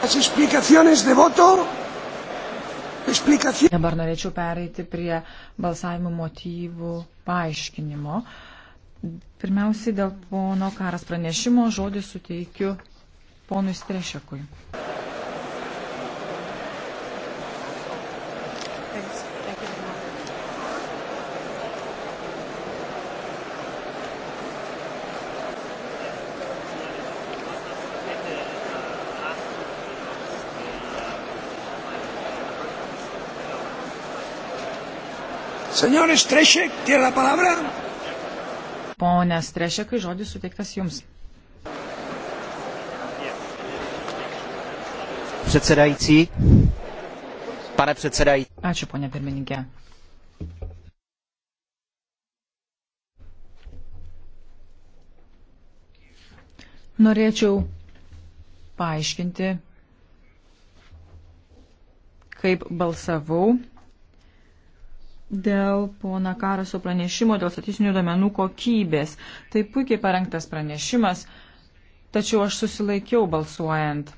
Dabar norėčiau pereiti prie balsavimo motyvų paaiškinimo. Pirmiausiai dėl pono karas pranešimo žodį suteikiu ponui Strešekui. Senor Strešek, tiene la palabra. Pone Strešekai, žodis suteiktas jums. Předsedající, pane předsedající. Ačiū, ponia pirmininkė. Norėčiau paaiškinti, kaip balsavau dėl pona Karaso pranešimo dėl statistinių duomenų kokybės. Tai puikiai parengtas pranešimas, tačiau aš susilaikiau balsuojant,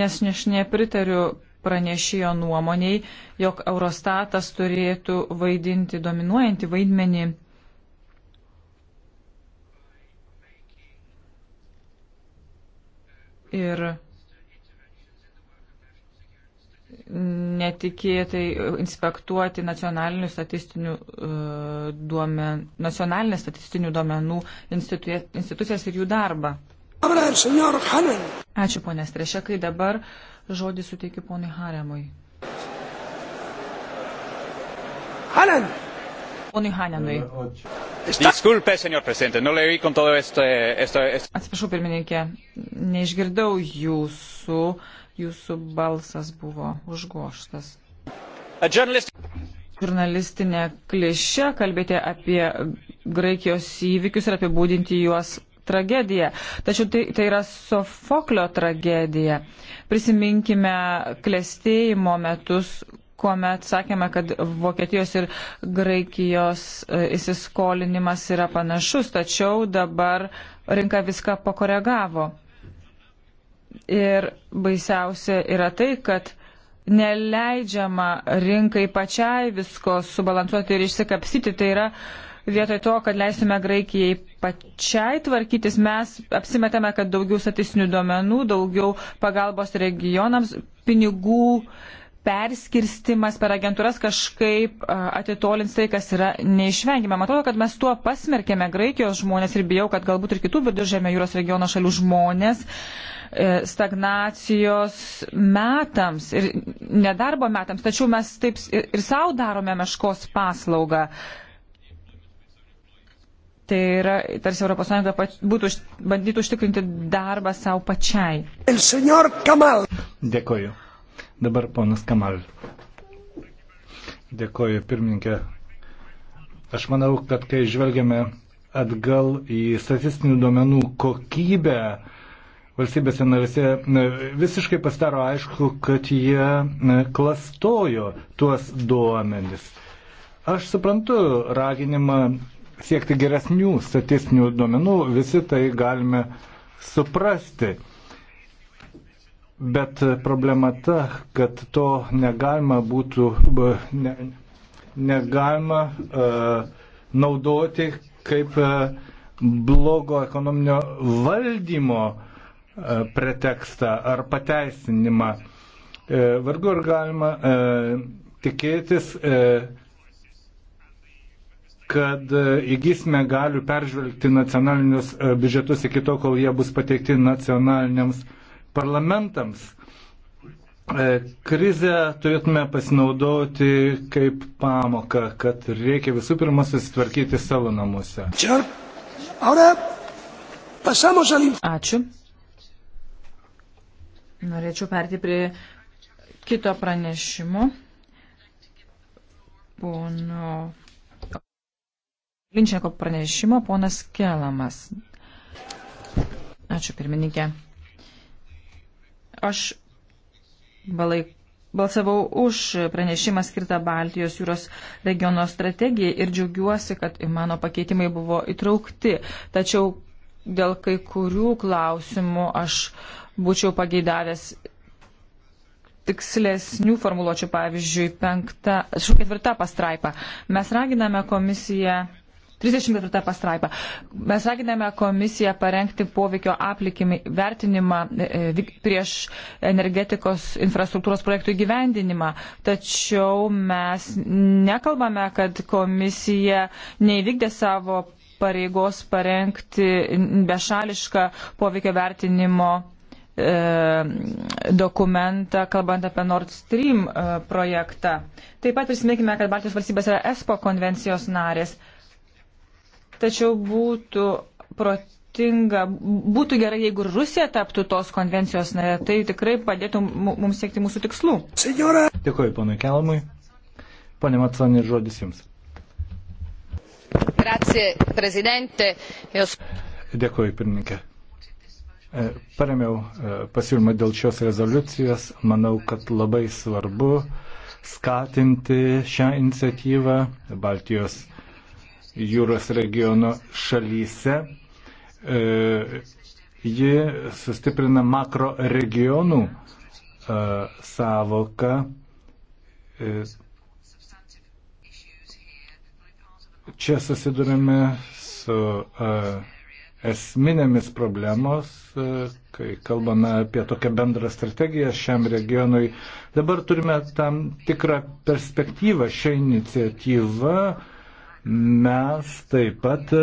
nes aš nepritariu pranešėjo nuomoniai, jog Eurostatas turėtų vaidinti dominuojantį vaidmenį. Ir netikėtai inspektuoti nacionalinių statistinių, e, duomen, nacionalinės statistinių duomenų institucijas ir jų darbą. Ačiū, ponė Strešekai. Dabar žodį suteikiu ponui Haremui. Hanen. Ponui Hanenui. Disculpe, senor presidente, no le oí con todo esto. Eh, esto, esto. Atsiprašau, pirmininkė, neišgirdau jūsų jūsų balsas buvo užgoštas. Žurnalistinė klišė kalbėti apie Graikijos įvykius ir apibūdinti juos tragediją. Tačiau tai, tai yra Sofoklio tragedija. Prisiminkime klėstėjimo metus, kuomet sakėme, kad Vokietijos ir Graikijos e, įsiskolinimas yra panašus, tačiau dabar rinka viską pakoregavo. Ir baisiausia yra tai, kad neleidžiama rinkai pačiai visko subalansuoti ir išsikapsyti. Tai yra vietoj to, kad leisime Graikijai pačiai tvarkytis, mes apsimetame, kad daugiau statistinių duomenų, daugiau pagalbos regionams, pinigų perskirstimas per agentūras kažkaip atitolins tai, kas yra neišvengiama. Matau, kad mes tuo pasmerkėme Graikijos žmonės ir bijau, kad galbūt ir kitų viduržėmio jūros regiono šalių žmonės e, stagnacijos metams ir nedarbo metams, tačiau mes taip ir savo darome meškos paslaugą. Tai yra, tarsi ES būtų bandytų užtikrinti darbą savo pačiai. Dėkoju. Dabar ponas Kamal. Dėkoju, pirmininkė. Aš manau, kad kai žvelgiame atgal į statistinių duomenų kokybę, valstybėse narėse visiškai pastaro aišku, kad jie klastojo tuos duomenis. Aš suprantu raginimą siekti geresnių statistinių duomenų, visi tai galime suprasti. Bet problema ta, kad to negalima būtų, ne, negalima uh, naudoti kaip uh, blogo ekonominio valdymo uh, pretekstą ar pateisinimą. Uh, vargu ar galima uh, tikėtis, kad įgysime galių peržvelgti nacionalinius biudžetus iki to, kol jie bus pateikti nacionaliniams biudžetams parlamentams. E, krizę turėtume pasinaudoti kaip pamoką, kad reikia visų pirma susitvarkyti savo namuose. Ačiū. Norėčiau perti prie kito pranešimo. Pono Linčiako pranešimo, ponas Kelamas. Ačiū pirmininkė. Aš balaik, balsavau už pranešimą skirtą Baltijos jūros regiono strategijai ir džiaugiuosi, kad mano pakeitimai buvo įtraukti. Tačiau dėl kai kurių klausimų aš būčiau pageidavęs tikslesnių formuluočių, pavyzdžiui, penkta, ketvirta pastraipa. Mes raginame komisiją 34 pastraipą. Mes raginame komisiją parengti poveikio aplikimį vertinimą e, e, prieš energetikos infrastruktūros projektų įgyvendinimą. Tačiau mes nekalbame, kad komisija neįvykdė savo pareigos parengti bešališką poveikio vertinimo e, dokumentą, kalbant apie Nord Stream projektą. Taip pat prisiminkime, kad Baltijos valstybės yra ESPO konvencijos narės tačiau būtų protinga, būtų gerai, jeigu ir Rusija taptų tos konvencijos narė, tai tikrai padėtų mums siekti mūsų tikslų. Senora. Dėkuoju, ponui Kelmui. Pane Matsonė, žodis jums. Grazie, prezidente. Jos... Dėkuoju, pirmininkė. E, paremiau e, pasiūlymą dėl šios rezoliucijos. Manau, kad labai svarbu skatinti šią iniciatyvą Baltijos jūros regiono šalyse. E, ji sustiprina makro regionų e, savoką. E, čia susidurime su esminėmis problemos, kai kalbame apie tokią bendrą strategiją šiam regionui. Dabar turime tam tikrą perspektyvą. Šią iniciatyvą mes taip pat e,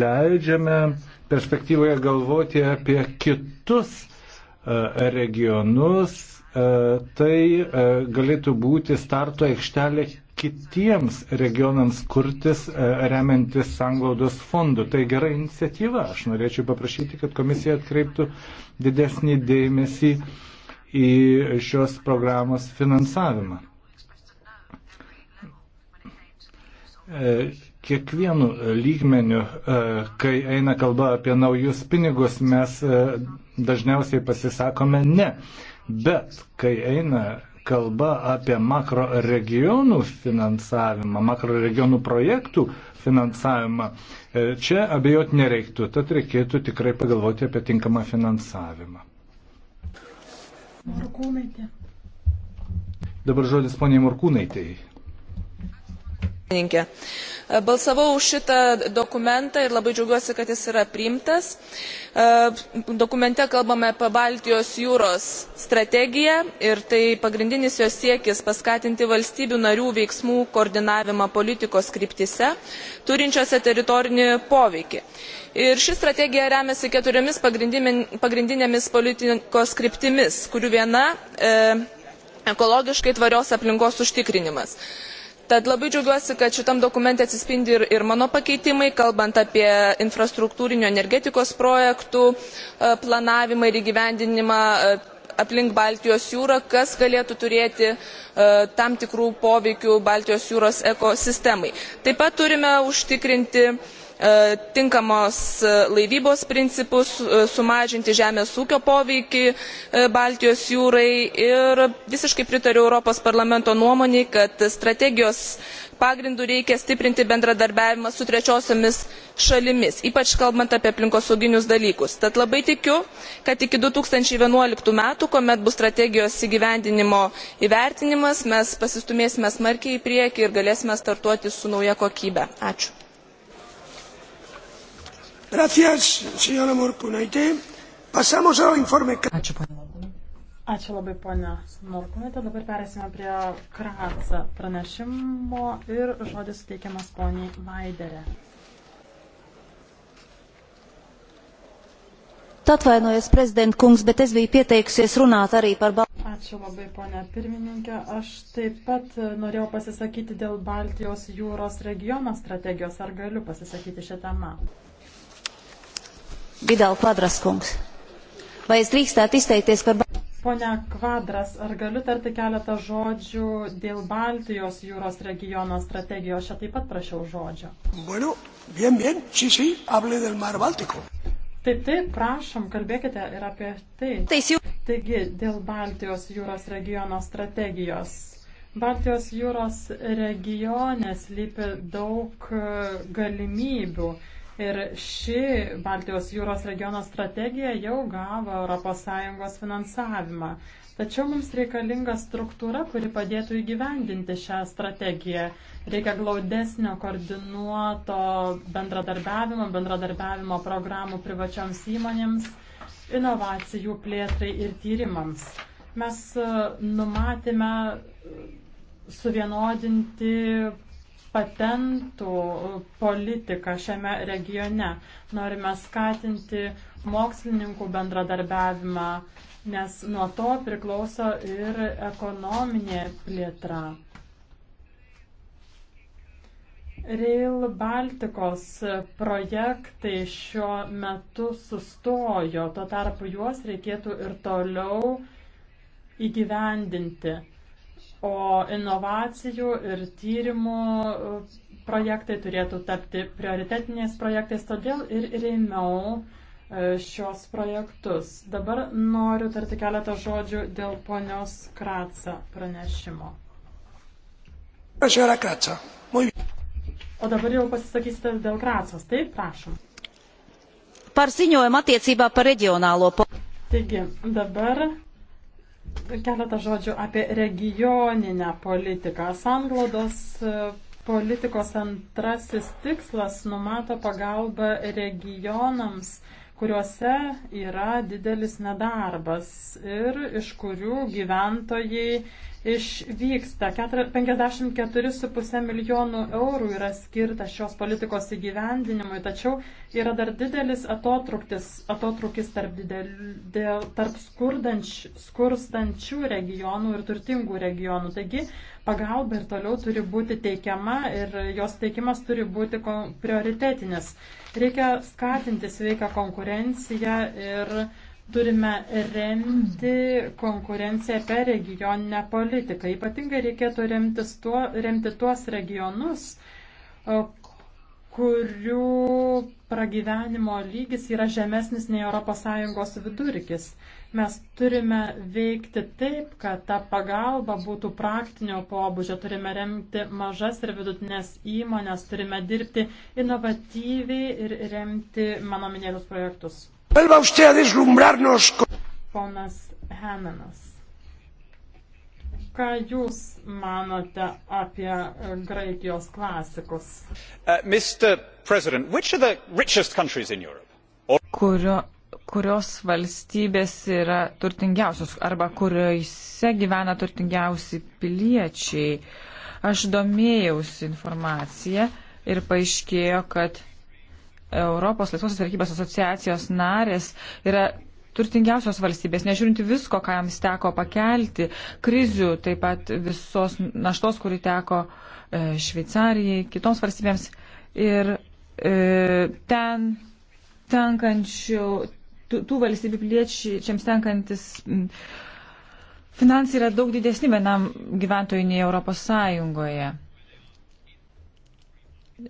leidžiame perspektyvoje galvoti apie kitus e, regionus. E, tai galėtų būti starto aikštelė kitiems regionams kurtis remiantis sanglaudos fondu. Tai gera iniciatyva. Aš norėčiau paprašyti, kad komisija atkreiptų didesnį dėmesį į šios programos finansavimą. E, kiekvienu lygmeniu, e, kai eina kalba apie naujus pinigus, mes e, dažniausiai pasisakome ne. Bet kai eina kalba apie makro regionų finansavimą, makro regionų projektų finansavimą, čia abejot nereiktų, tad reikėtų tikrai pagalvoti apie tinkamą finansavimą. Murkūnaitė. Dabar žodis poniai Murkūnaitėjai. E, balsavau už šitą dokumentą ir labai džiaugiuosi kad jis yra priimtas. E, dokumente kalbame apie baltijos jūros strategiją ir tai pagrindinis jos siekis paskatinti valstybių narių veiksmų koordinavimą politikos kryptyse turinčiose teritorinį poveikį. ši strategija remiasi keturiomis pagrindinėmis politikos kryptimis kurių viena e, ekologiškai tvarios aplinkos užtikrinimas tad labai džiaugiuosi kad šitam dokumente atsispindi ir, ir mano pakeitimai kalbant apie infrastruktūrinių energetikos projektų e, planavimą ir įgyvendinimą e, aplink baltijos jūrą kas galėtų turėti e, tam tikrų poveikių baltijos jūros ekosistemai. taip pat turime užtikrinti E, tinkamos e, laivybos principus e, sumažinti žemės ūkio poveikį baltijos jūrai ir visiškai pritariu europos parlamento nuomonei kad strategijos pagrindu reikia stiprinti bendradarbiavimą su trečiosiomis šalimis ypač kalbant apie aplinkosauginius dalykus. tad labai tikiu kad iki du tūkstančiai vienuolika metų kuomet bus strategijos įgyvendinimo įvertinimas mes pasistūmėsime smarkiai į priekį ir galėsime startuoti su nauja kokybe. ačiū. Gracias, señora Morkunaitė. Pasamos savo informe. Ačiū, ponia Morkunaitė. Ačiū labai, ponia Morkunaitė. Dabar perėsime prie Kratsa pranešimo ir žodis suteikiamas poniai Vaiderė. Atvainojos prezident kungs, bet es biju pieteikusies runāt arī par Baltiju. Ačiū labai, ponia pirmininkė. Aš taip pat norėjau pasisakyti dėl Baltijos jūros regiono strategijos. Ar galiu pasisakyti šią temą? Vidal Kvadras kungs. Vai es drīkstētu izteikties par. Pone Kvadras, ar galiu tarti keletą žodžių dėl Baltijos jūros regiono strategijos? Šią taip pat prašiau žodžio. Bueno, bien, bien, sí, sí, hable del mar Báltico. Taip, taip, prašom, kalbėkite ir apie tai. Teisiu. Taigi, dėl Baltijos jūros regiono strategijos. Baltijos jūros regione slypi daug e, galimybių. Uh, Ir ši Baltijos jūros regiono strategija jau gavo ES finansavimą. Tačiau mums reikalinga struktūra, kuri padėtų įgyvendinti šią strategiją. Reikia glaudesnio, koordinuoto bendradarbiavimo, bendradarbiavimo programų privačioms įmonėms, inovacijų plėtrai ir tyrimams. Mes e, numatėme e, suvienodinti patentų politiką šiame regione. Norime skatinti mokslininkų bendradarbiavimą, nes nuo to priklauso ir ekonominė plėtra. Rail Baltikos projektai šiuo metu sustojo, tuo tarpu juos reikėtų ir toliau įgyvendinti o inovacijų ir tyrimų e, projektai turėtų tapti prioritetiniais projektais, todėl ir rėmiau e, šios projektus. Dabar noriu tarti keletą žodžių dėl ponios Kratsa pranešimo. O dabar jau pasisakysite dėl Kratsos, taip, prašom. Par ziņojumu attiecībā par reģionālo. Taigi, dabar keletą žodžių apie regioninę politiką. Sanglaudos e, politikos antrasis tikslas numato pagalbą regionams kuriuose yra didelis nedarbas ir iš kurių gyventojai išvyksta. 54,5 milijonų eurų yra skirta šios politikos įgyvendinimui, tačiau yra dar didelis atotrukis, atotrukis tarp, didel, dėl, tarp skurdanč, skurstančių regionų ir turtingų regionų. Taigi pagalba ir toliau turi būti teikiama ir jos teikimas turi būti prioritetinis. Reikia skatinti sveiką konkurenciją ir turime remti konkurenciją per regioninę politiką. Ypatingai reikėtų tuo, remti tuos regionus, kurių pragyvenimo lygis yra žemesnis nei ES vidurkis. Mes turime veikti taip, kad ta pagalba būtų praktinio pobūdžio, turime remti mažas ir vidutinės įmonės, turime dirbti inovatyviai ir remti mano minėtus projektus. Ponas Henanas ką Jūs manote apie Graikijos klasikus? Uh, Or... Kurio kurios valstybės yra turtingiausios arba kuriuose gyvena turtingiausi piliečiai. Aš domėjausi informaciją ir paaiškėjo, kad Europos laisvosios verkybės asociacijos narės yra turtingiausios valstybės, nežiūrinti visko, ką jiems teko pakelti, krizių, taip pat visos naštos, kuri teko e, Šveicarijai, kitoms valstybėms. Ir e, ten tenkančių, tų valstybių piliečiams tenkantis finansai yra daug didesni vienam gyventojui nei Europos Sąjungoje.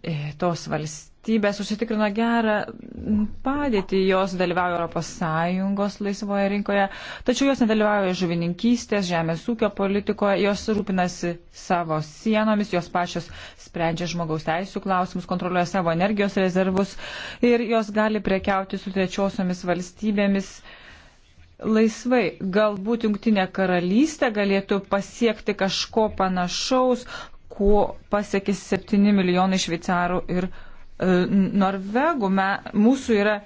E, tos valstybės užsitikrino gerą padėtį. Jos dalyvauja ES laisvoje rinkoje, tačiau jos nedalyvauja žuvininkystės, žemės ūkio politikoje, jos rūpinasi savo sienomis, jos pačios sprendžia žmogaus teisų klausimus, kontroliuoja savo energijos rezervus ir jos gali prekiauti su trečiosiomis valstybėmis. Laisvai, galbūt Junktinė karalystė galėtų pasiekti kažko panašaus, kuo pasiekė 7 milijonai šveicarų ir E, norvegų, me, mūsų yra.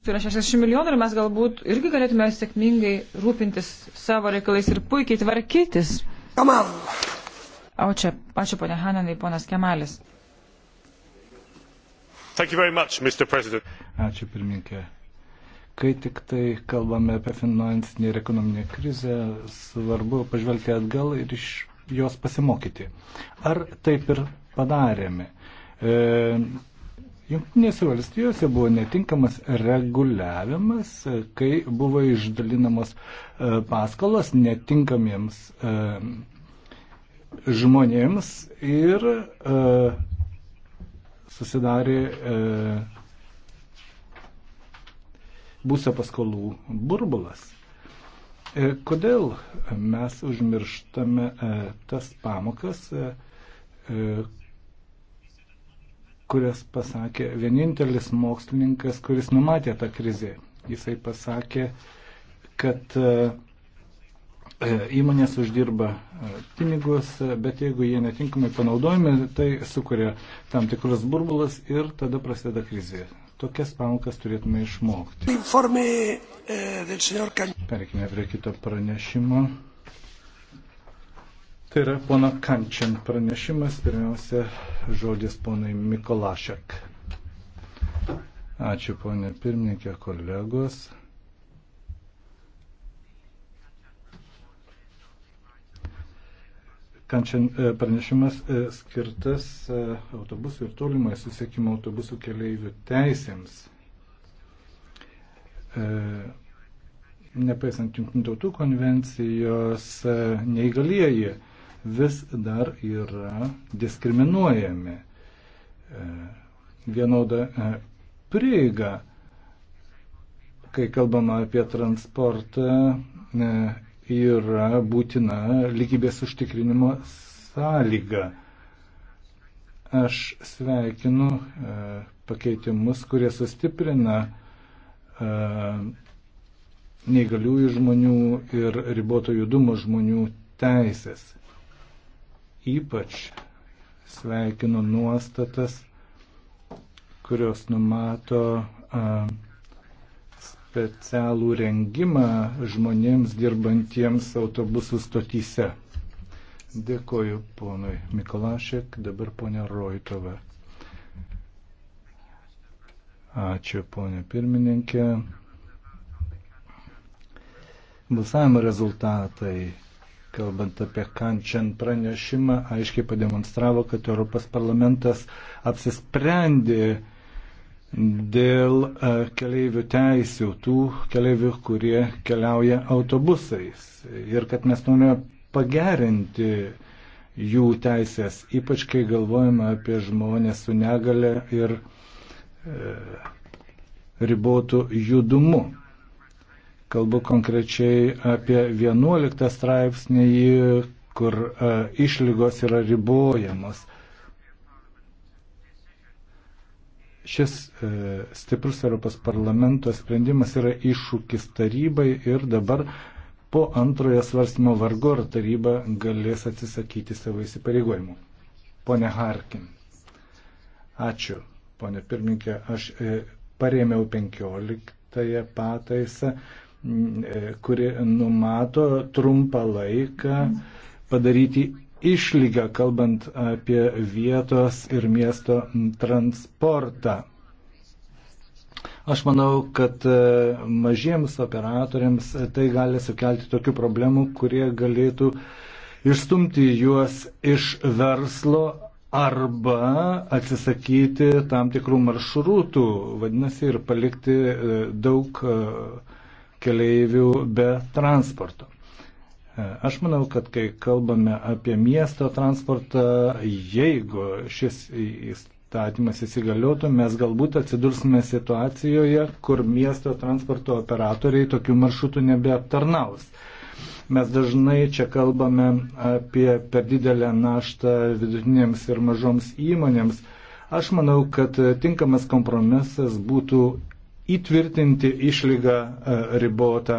Tai yra 60 milijonų ir mes galbūt irgi galėtume sėkmingai rūpintis savo reikalais ir puikiai tvarkytis. Kamal. O čia, ačiū ponia Hananai, ponas Kemalis. Much, ačiū pirminkė. Kai tik tai kalbame apie finansinį ir ekonominį krizę, svarbu pažvelgti atgal ir iš jos pasimokyti. Ar taip ir padarėme? E, Junktinėse valstijose buvo netinkamas reguliavimas, e, kai buvo išdalinamos e, paskolos netinkamiems žmonėms ir susidarė būsio paskolų burbulas. Kodėl mes užmirštame tas pamokas, kurias pasakė vienintelis mokslininkas, kuris numatė tą krizę. Jisai pasakė, kad e, e, įmonės uždirba e, pinigus, bet jeigu jie netinkamai panaudojami, tai sukuria tam tikrus burbulus ir tada prasideda krizė. Tokias pamokas turėtume išmokti. Informe, eh, Perkime prie kito pranešimo. Tai yra pono Kančian pranešimas, pirmiausia, žodis ponai Mikolašek. Ačiū ponė pirmininkė, kolegos. Kančian e, pranešimas e, skirtas e, autobusų ir tolimai susiekimo autobusų keleivių teisėms. Nepaisant Junktinių tautų konvencijos, neįgalieji vis dar yra diskriminuojami. E, vienoda e, prieiga, kai kalbama apie transportą, e, yra būtina lygybės užtikrinimo sąlyga. Aš sveikinu pakeitimus, kurie sustiprina neįgaliųjų žmonių ir riboto judumo žmonių teisės. Ypač sveikinu nuostatas, kurios numato a, specialų rengimą žmonėms dirbantiems autobusų stotyse. Dėkoju ponui Mikolašek, dabar ponia Roitova. Ačiū ponė pirmininkė. Balsavimo rezultatai kalbant apie Kančian pranešimą, aiškiai pademonstravo, kad Europos parlamentas apsisprendė dėl e, keleivių teisių, tų keleivių, kurie keliauja autobusais. Ir kad mes norime pagerinti jų teisės, ypač kai galvojame apie žmonės su negale ir e, ribotų judumu. Kalbu konkrečiai apie 11 straipsnį, kur a, e, išlygos yra ribojamos. Šis e, stiprus Europos parlamento sprendimas yra iššūkis tarybai ir dabar po antrojo svarstymo vargu ar taryba galės atsisakyti savo įsipareigojimų. Pone Harkin. Ačiū, ponė pirmininkė. Aš e, parėmiau 15 pataisą E, kuri numato trumpą laiką mm. padaryti išlygą, kalbant apie vietos ir miesto transportą. Aš manau, kad e, mažiems operatoriams tai gali sukelti tokių problemų, kurie galėtų išstumti juos iš verslo arba atsisakyti tam tikrų maršrutų, vadinasi, ir palikti e, daug uh, keleivių be transporto. E, aš manau, kad kai kalbame apie miesto transportą, jeigu šis įstatymas įsigaliotų, mes galbūt atsidursime situacijoje, kur miesto transporto operatoriai tokių maršrutų nebeaptarnaus. Mes dažnai čia kalbame apie per didelę naštą vidutinėms ir mažoms įmonėms. Aš manau, kad tinkamas kompromisas būtų įtvirtinti išlygą e, ribotą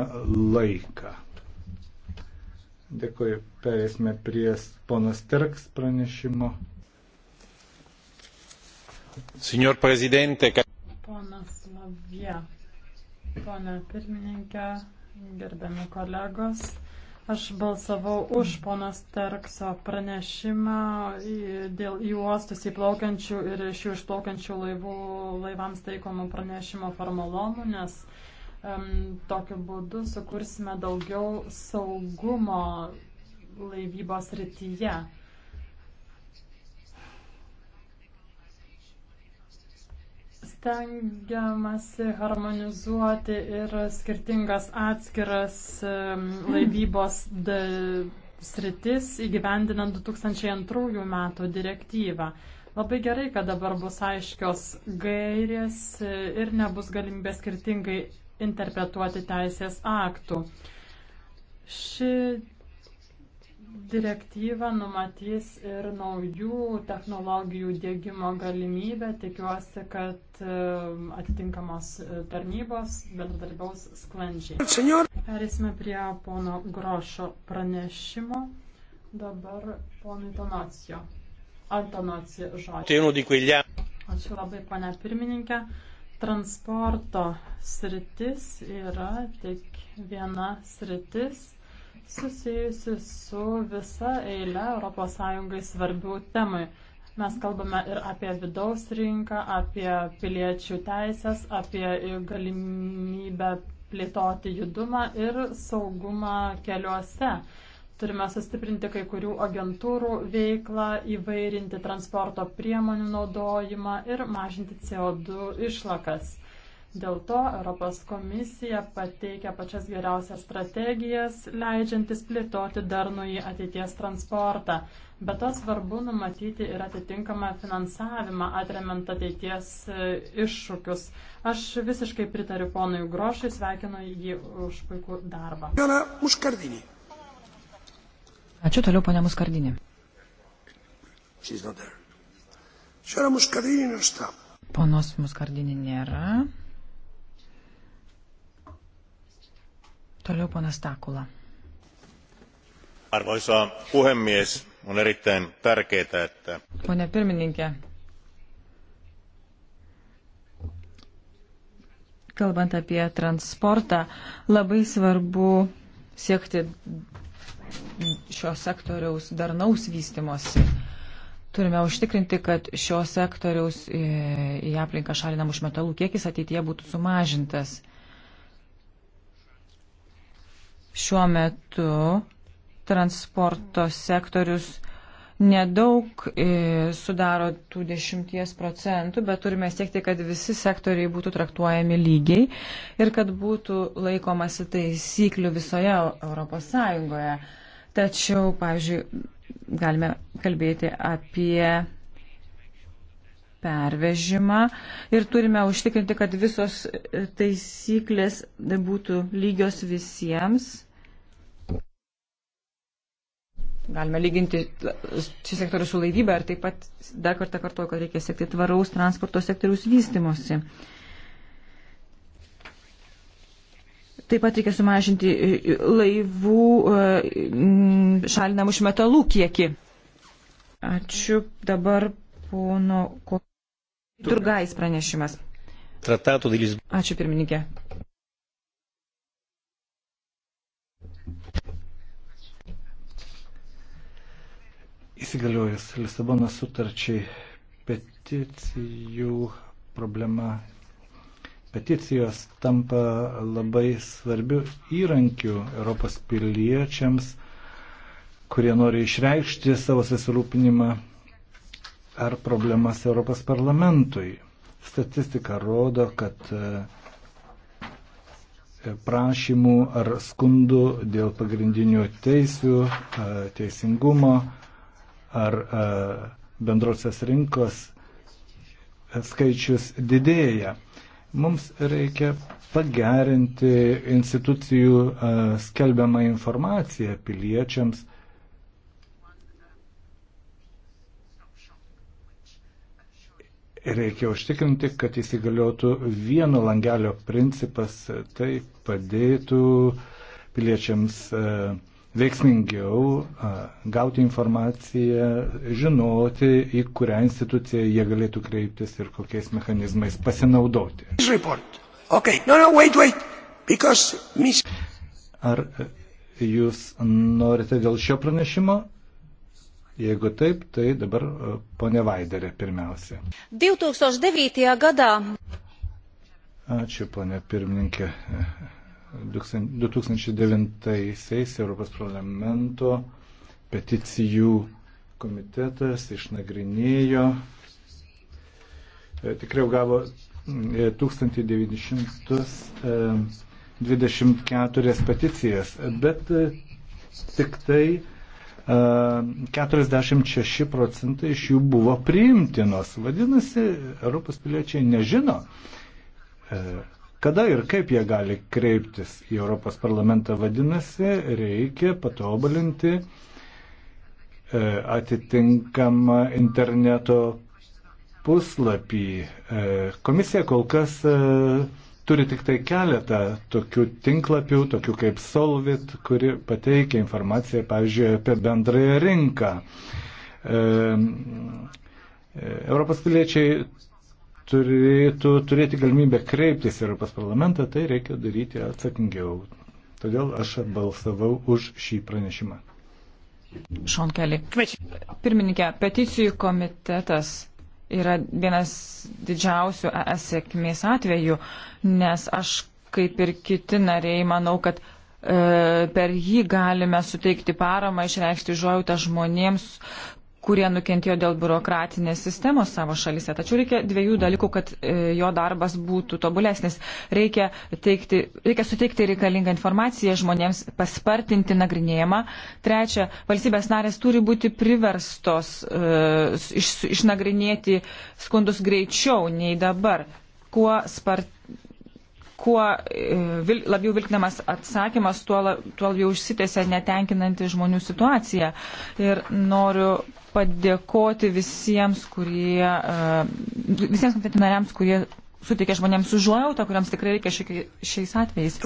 laiką. Dėkui, perėsime prie ponas Terks pranešimo. Signor Prezidente, kad... Ponas Lavie, ponė pirmininkė, gerbiami kolegos. Aš balsavau už ponas Terkso pranešimą dėl į uostus įplaukiančių ir iš jų išplaukiančių laivų laivams taikomų pranešimo formalomų, nes um, tokiu būdu sukursime daugiau saugumo laivybos rytyje. stengiamasi harmonizuoti ir skirtingas atskiras laivybos sritis įgyvendinant 2002 metų direktyvą. Labai gerai, kad dabar bus aiškios gairės ir nebus galimybė skirtingai interpretuoti teisės aktų. Ši direktyva numatys ir naujų technologijų dėgymo galimybę. Tikiuosi, kad e, atitinkamos e, tarnybos bendradarbiaus sklandžiai. Perėsime prie pono Grošo pranešimo. Dabar ponui Tonacijo. Antonacijo žodžiu. Ačiū labai, ponia pirmininkė. Transporto sritis yra tik viena sritis susijusi su visa eile ES svarbių temai. Mes kalbame ir apie vidaus rinką, apie piliečių teisės, apie galimybę plėtoti judumą ir saugumą keliuose. Turime sustiprinti kai kurių agentūrų veiklą, įvairinti transporto priemonių naudojimą ir mažinti CO2 išlakas. Dėl to Europos komisija pateikia pačias geriausias strategijas, leidžiantis plėtoti darnųjį ateities transportą. Be to svarbu numatyti ir atitinkamą finansavimą, atremiant ateities e, iššūkius. Aš visiškai pritariu ponui Grošui, sveikinu jį už puikų darbą. Ačiū toliau, ponia Muskardinė. Ponos Muskardinė nėra. Toliau ponas Takula. Arvoisa puhemies, on erittäin tärkeää, että... Pone pirmininkė, kalbant apie transportą, labai svarbu siekti šio sektoriaus darnaus vystimosi. Turime užtikrinti, kad šio sektoriaus e, į aplinką šalinamų išmetalų kiekis ateityje būtų sumažintas. Šiuo metu transporto sektorius nedaug e, sudaro tų dešimties procentų, bet turime siekti, kad visi sektoriai būtų traktuojami lygiai ir kad būtų laikomasi taisyklių visoje Europos Sąjungoje. Tačiau, pavyzdžiui, galime kalbėti apie pervežimą ir turime užtikrinti, kad visos e, taisyklės būtų lygios visiems. Galime lyginti šį sektorių su laivyba ir taip pat dar kartą kartuoju, kad reikia siekti tvaraus transporto sektoriaus vystimosi. Taip pat reikia sumažinti e, e, laivų šalinamų iš metalų kiekį. Ačiū dabar pono. Turgais pranešimas. Ačiū pirmininkė. Įsigaliojus Lisabono sutarčiai peticijų problema, peticijos tampa labai svarbiu įrankiu Europos piliečiams, kurie nori išreikšti savo susirūpinimą ar problemas Europos parlamentui. Statistika rodo, kad e, prašymų ar skundų dėl pagrindinių teisių, e, teisingumo ar e, bendrosios rinkos skaičius didėja. Mums reikia pagerinti institucijų skelbiamą informaciją piliečiams Reikia užtikrinti, kad įsigaliotų vieno langelio principas, tai padėtų piliečiams e, veiksmingiau e, gauti informaciją, žinoti, į kurią instituciją jie galėtų kreiptis ir kokiais mechanizmais pasinaudoti. Okay. No, no, wait, wait. Because... Ar jūs norite dėl šio pranešimo Jeigu taip, tai dabar e, ponė Vaiderė pirmiausia. 2009 gada. Ačiū, ponė pirmininkė. 2009-aisiais Europos parlamento peticijų komitetas išnagrinėjo, e, tikriau gavo 1924 e, peticijas, bet tik tai 46 e, procentai iš jų buvo priimtinos. Vadinasi, Europos piliečiai nežino, e, kada ir kaip jie gali kreiptis į Europos parlamentą. Vadinasi, reikia patobulinti e, atitinkamą interneto puslapį. Komisija kol kas turi tik tai keletą tokių tinklapių, tokių kaip Solvit, kuri pateikia informaciją, pavyzdžiui, apie bendrąją rinką. E, Europos piliečiai turėtų turėti galimybę kreiptis į Europos parlamentą, tai reikia daryti atsakingiau. Todėl aš balsavau už šį pranešimą. Šonkelį. Pirmininkė, peticijų komitetas yra vienas didžiausių ES sėkmės atvejų, nes aš kaip ir kiti nariai manau, kad e, per jį galime suteikti paramą, išreikšti žuojautą žmonėms, kurie nukentėjo dėl biurokratinės sistemos savo šalise. Tačiau reikia dviejų dalykų, kad e, jo darbas būtų tobulesnis. Reikia, teikti, reikia suteikti reikalingą informaciją žmonėms, paspartinti nagrinėjimą. Trečia, valstybės narės turi būti priverstos uh, iš, išnagrinėti skundus greičiau nei dabar. Kuo spartiniau kuo e, vil, labiau vilkinamas atsakymas, tuo, la, tuo labiau užsitėse netenkinanti žmonių situacija. Ir noriu padėkoti visiems, kurie, e, visiems komiteto nariams, kurie suteikia žmonėms užuojautą, kuriams tikrai reikia šiais atvejais.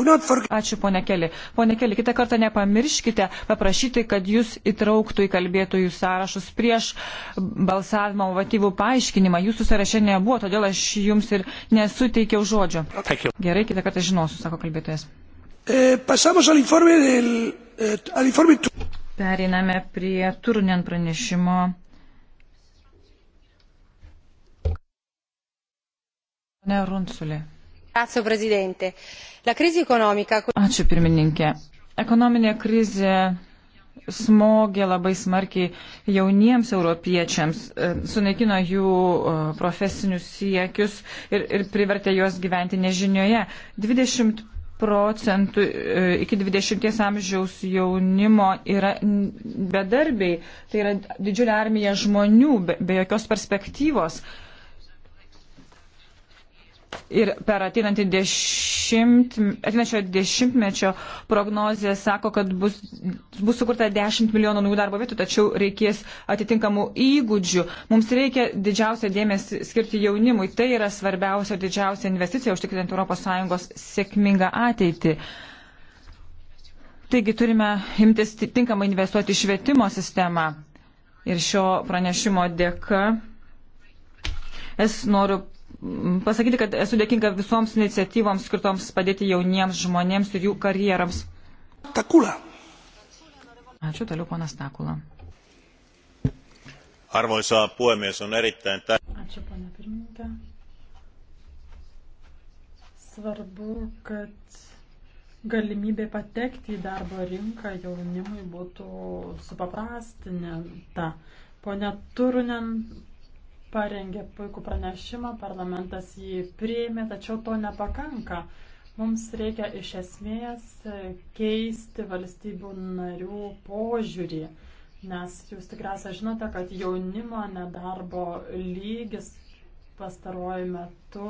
Ačiū, ponė Keli. Pone Keli, kitą kartą nepamirškite paprašyti, kad jūs įtrauktų į kalbėtojų sąrašus prieš balsavimo motyvų paaiškinimą. Jūsų sąraše nebuvo, todėl aš jums ir nesuteikiau žodžio. Gerai, kitą kartą žinosiu, sako kalbėtojas. E, Periname prie turnien pranešimo. Ne Runsulė. Ačiū, prezidentė. La krizė ekonomika. Ačiū, pirmininkė. Ekonominė krizė smogė labai smarkiai jauniems europiečiams, e, sunaikino jų e, profesinius siekius ir, ir privertė juos gyventi nežinioje. 20 procentų e, iki 20 amžiaus jaunimo yra bedarbiai. Tai yra didžiulė armija žmonių be, be jokios perspektyvos. Uh, Ir per ateinantį dešimt, ateinančio dešimtmečio prognozija sako, kad bus, bus sukurta 10 milijonų naujų darbo vietų, tačiau reikės atitinkamų įgūdžių. Mums reikia didžiausią dėmesį skirti jaunimui. Tai yra svarbiausia didžiausia investicija užtikrinti ES sėkmingą ateitį. Taigi turime imtis tinkamai investuoti į švietimo sistemą. Ir šio pranešimo dėka es noriu pasakyti, kad esu dėkinga visoms iniciatyvoms skirtoms padėti jauniems žmonėms ir jų karjerams. Takula. Ačiū toliau, ponas Takula. Arvoisa puhemies, on erittäin tärkeää. Ačiū, pana pirmininkė. Svarbu, kad galimybė patekti į darbo rinką jaunimui būtų supaprastinta. Pone Turunen parengė puikų pranešimą, parlamentas jį priėmė, tačiau to nepakanka. Mums reikia iš esmės keisti valstybių narių požiūrį, nes jūs tikriausiai žinote, kad jaunimo nedarbo lygis pastaruoju metu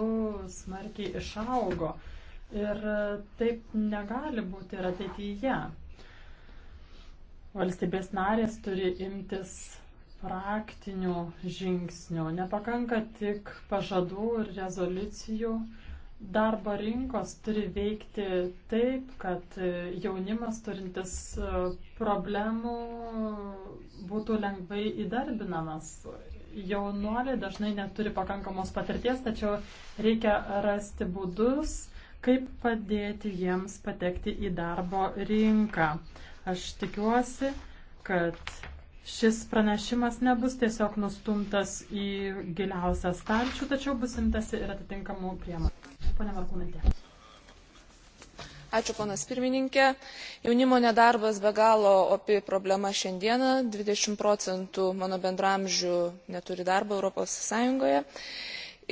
smarkiai išaugo ir taip negali būti ir ateityje. Valstybės narės turi imtis praktinių žingsnių. Nepakanka tik pažadų ir rezoliucijų. Darbo rinkos turi veikti taip, kad jaunimas turintis e, problemų būtų lengvai įdarbinamas. Jaunuoliai dažnai neturi pakankamos patirties, tačiau reikia rasti būdus, kaip padėti jiems patekti į darbo rinką. Aš tikiuosi, kad Šis pranešimas nebus tiesiog nustumtas į giliausią stalčių, tačiau bus imtasi ir atitinkamų priemonių. Pone Varkūnaitė. Ačiū, ponas pirmininkė. Jaunimo nedarbas be galo opi problema šiandieną. 20 procentų mano bendramžių neturi darbo Europos Sąjungoje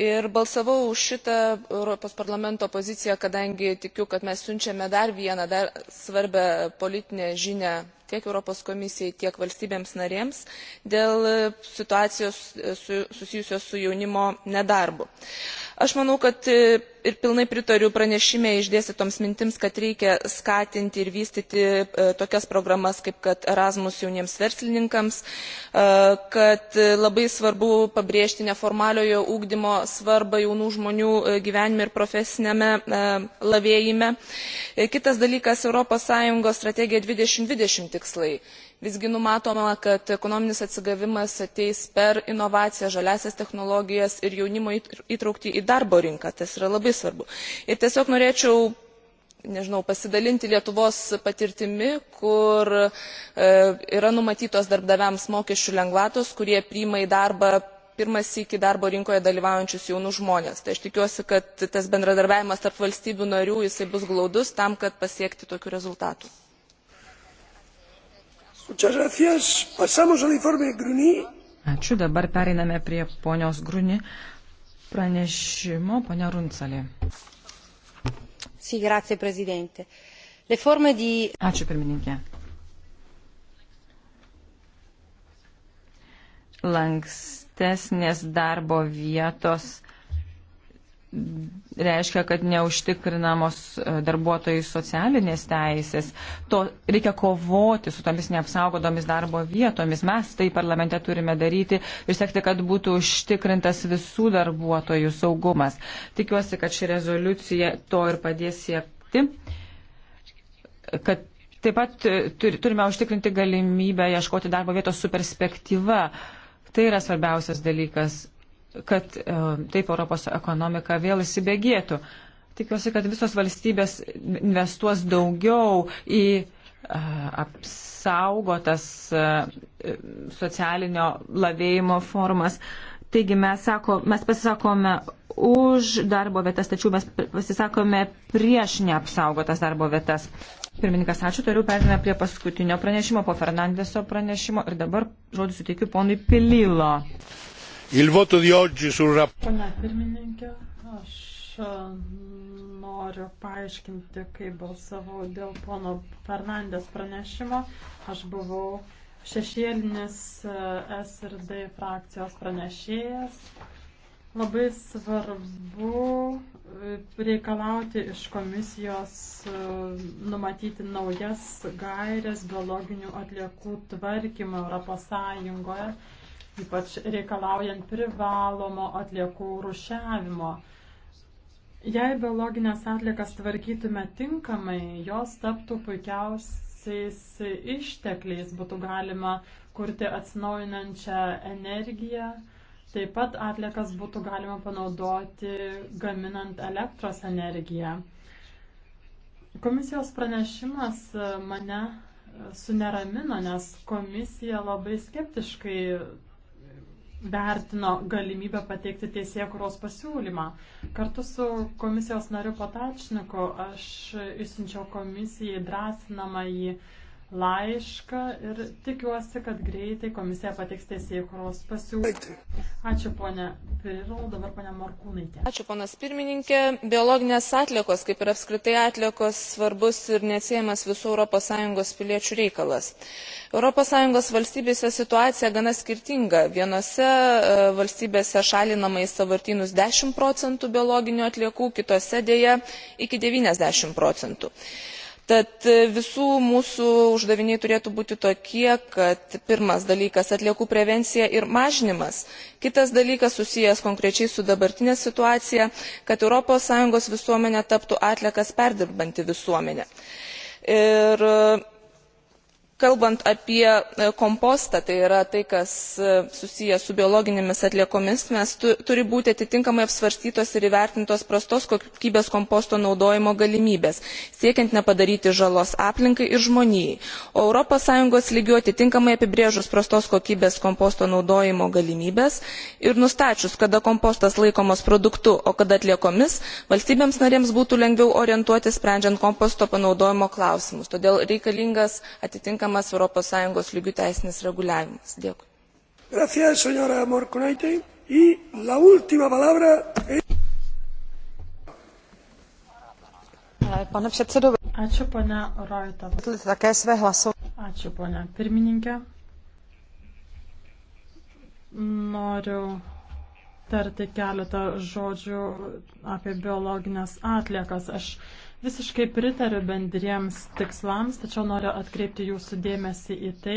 ir balsavau už šitą europos parlamento poziciją kadangi tikiu kad mes siunčiame dar vieną dar svarbią politinę žinią tiek europos komisijai tiek valstybėms narėms dėl situacijos susijusios su jaunimo nedarbu aš manau kad e, ir pilnai pritariu pranešime išdėstytoms mintims kad reikia skatinti ir vystyti e, tokias programas kaip kad erasmus jauniems verslininkams e, kad labai svarbu pabrėžti neformaliojo ugdymo svarbą jaunų žmonių gyvenime ir profesiniame lavėjime. kitas dalykas europos sąjungos strategija dvidešimt dvidešimt tikslai visgi numatoma kad ekonominis atsigavimas ateis per inovacijas žaliąsias technologijas ir jaunimo įtrauktį į darbo rinką tas yra labai svarbu. ir tiesiog norėčiau nežinau pasidalinti lietuvos patirtimi kur e, yra numatytos darbdaviams mokesčių lengvatos kurie priima į darbą pirmą sykį darbo rinkoje dalyvaujančius jaunus žmones. tai aš tikiuosi kad tas bendradarbiavimas tarp valstybių narių bus glaudus tam kad pasiekti tokių rezultatų. Ačiū, dabar pereiname prie ponios Gruni pranešimo, ponia Runcelė. Ačiū, pirmininkė. Lankstesnės darbo vietos reiškia, kad neužtikrinamos e, darbuotojų socialinės teisės. To reikia kovoti su tomis neapsaugodomis darbo vietomis. Mes tai parlamente turime daryti ir sekti, kad būtų užtikrintas visų darbuotojų saugumas. Tikiuosi, kad ši rezoliucija to ir padės siekti. Kad taip pat e, turime užtikrinti galimybę ieškoti darbo vietos su perspektyva. Tai yra svarbiausias dalykas kad e, taip Europos ekonomika vėl įsibėgėtų. Tikiuosi, kad visos valstybės investuos daugiau į e, apsaugotas e, socialinio lavėjimo formas. Taigi mes, sako, mes pasisakome už darbo vietas, tačiau mes pasisakome prieš neapsaugotas darbo vietas. Pirmininkas, ačiū, toliau perėmė prie paskutinio pranešimo, po Fernandeso pranešimo ir dabar žodį suteikiu ponui Pililo. Il voto di oggi sul rapporto. Aš e, noriu paaiškinti, kaip balsavau dėl pono Fernandės pranešimo. Aš buvau šešėlinis e, SRD frakcijos pranešėjas. Labai svarbu e, reikalauti iš komisijos numatyti naujas gairias biologinių atliekų tvarkymą Europos Sąjungoje ypač reikalaujant privalomo atliekų rušiavimo. Jei biologinės atliekas tvarkytume tinkamai, jos taptų puikiausiais ištekliais, būtų galima kurti atsinaujinančią energiją. Taip pat atliekas būtų galima panaudoti gaminant elektros energiją. Komisijos pranešimas mane suneramino, nes komisija labai skeptiškai vertino galimybę pateikti teisėje kuros pasiūlymą. Kartu su komisijos nariu Potačniku aš išsiunčiau komisijai drąsinamą į uh, laišką ir tikiuosi, kad greitai komisija pateiks teisėkuros pasiūlymą. Ačiū ponė Pirilo, dabar ponė Morkūnaitė. Ačiū ponas pirmininkė. Biologinės atliekos, kaip ir apskritai atliekos, svarbus ir neatsiejamas visų ES piliečių reikalas. ES valstybėse situacija gana skirtinga. Vienose e, valstybėse šalinama į savartynus 10 procentų biologinių atliekų, kitose dėja iki 90 procentų tad e, visų mūsų uždaviniai turėtų būti tokie kad pirmas dalykas atliekų prevencija ir mažinimas kitas dalykas susijęs konkrečiai su dabartine situacija kad europos sąjungos visuomenė taptų atliekas perdirbanti visuomenė ir kalbant apie e, kompostą tai yra tai kas e, susiję su biologinėmis atliekomis turi būti atitinkamai apsvarstytos ir įvertintos prastos kokybės komposto naudojimo galimybės siekiant nepadaryti žalos aplinkai ir žmonijai o europos sąjungos lygiu atitinkamai apibrėžus prastos kokybės komposto naudojimo galimybes ir nustačius kada kompostas laikomas produktu o kada atliekomis valstybėms narėms būtų lengviau orientuotis sprendžiant komposto panaudojimo klausimus todėl reikalingas atitinkamas tinkamas europos sąjungos lygiu teisinis reguliavimas. Dėkui. Gracias, señora Morconaite. Y la última palabra es... Pane předsedo, Ačiū, ponia Rojta. Také své hlasování. Ačiū, ponia pirmininkė. Noriu tarti keletą žodžių apie biologinės atliekas. Aš visiškai pritariu bendriems tikslams, tačiau noriu atkreipti jūsų dėmesį į tai,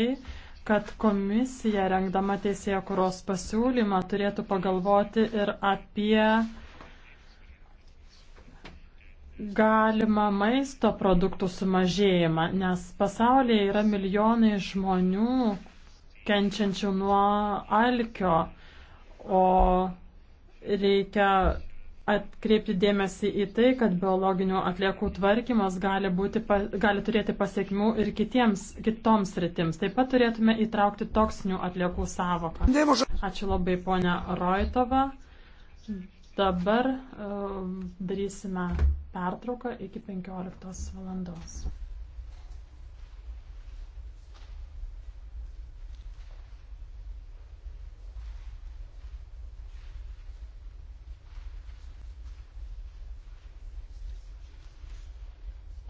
kad komisija rengdama teisėjo kuros pasiūlymą turėtų pagalvoti ir apie galimą maisto produktų sumažėjimą, nes pasaulyje yra milijonai žmonių kenčiančių nuo alkio, o reikia atkreipti dėmesį į tai, kad biologinių atliekų tvarkymas gali, būti, gali turėti pasiekmių ir kitiems, kitoms rytims. Taip pat turėtume įtraukti toksinių atliekų savoką. Ačiū labai, ponia Roitova. Dabar uh, darysime pertrauką iki 15 valandos.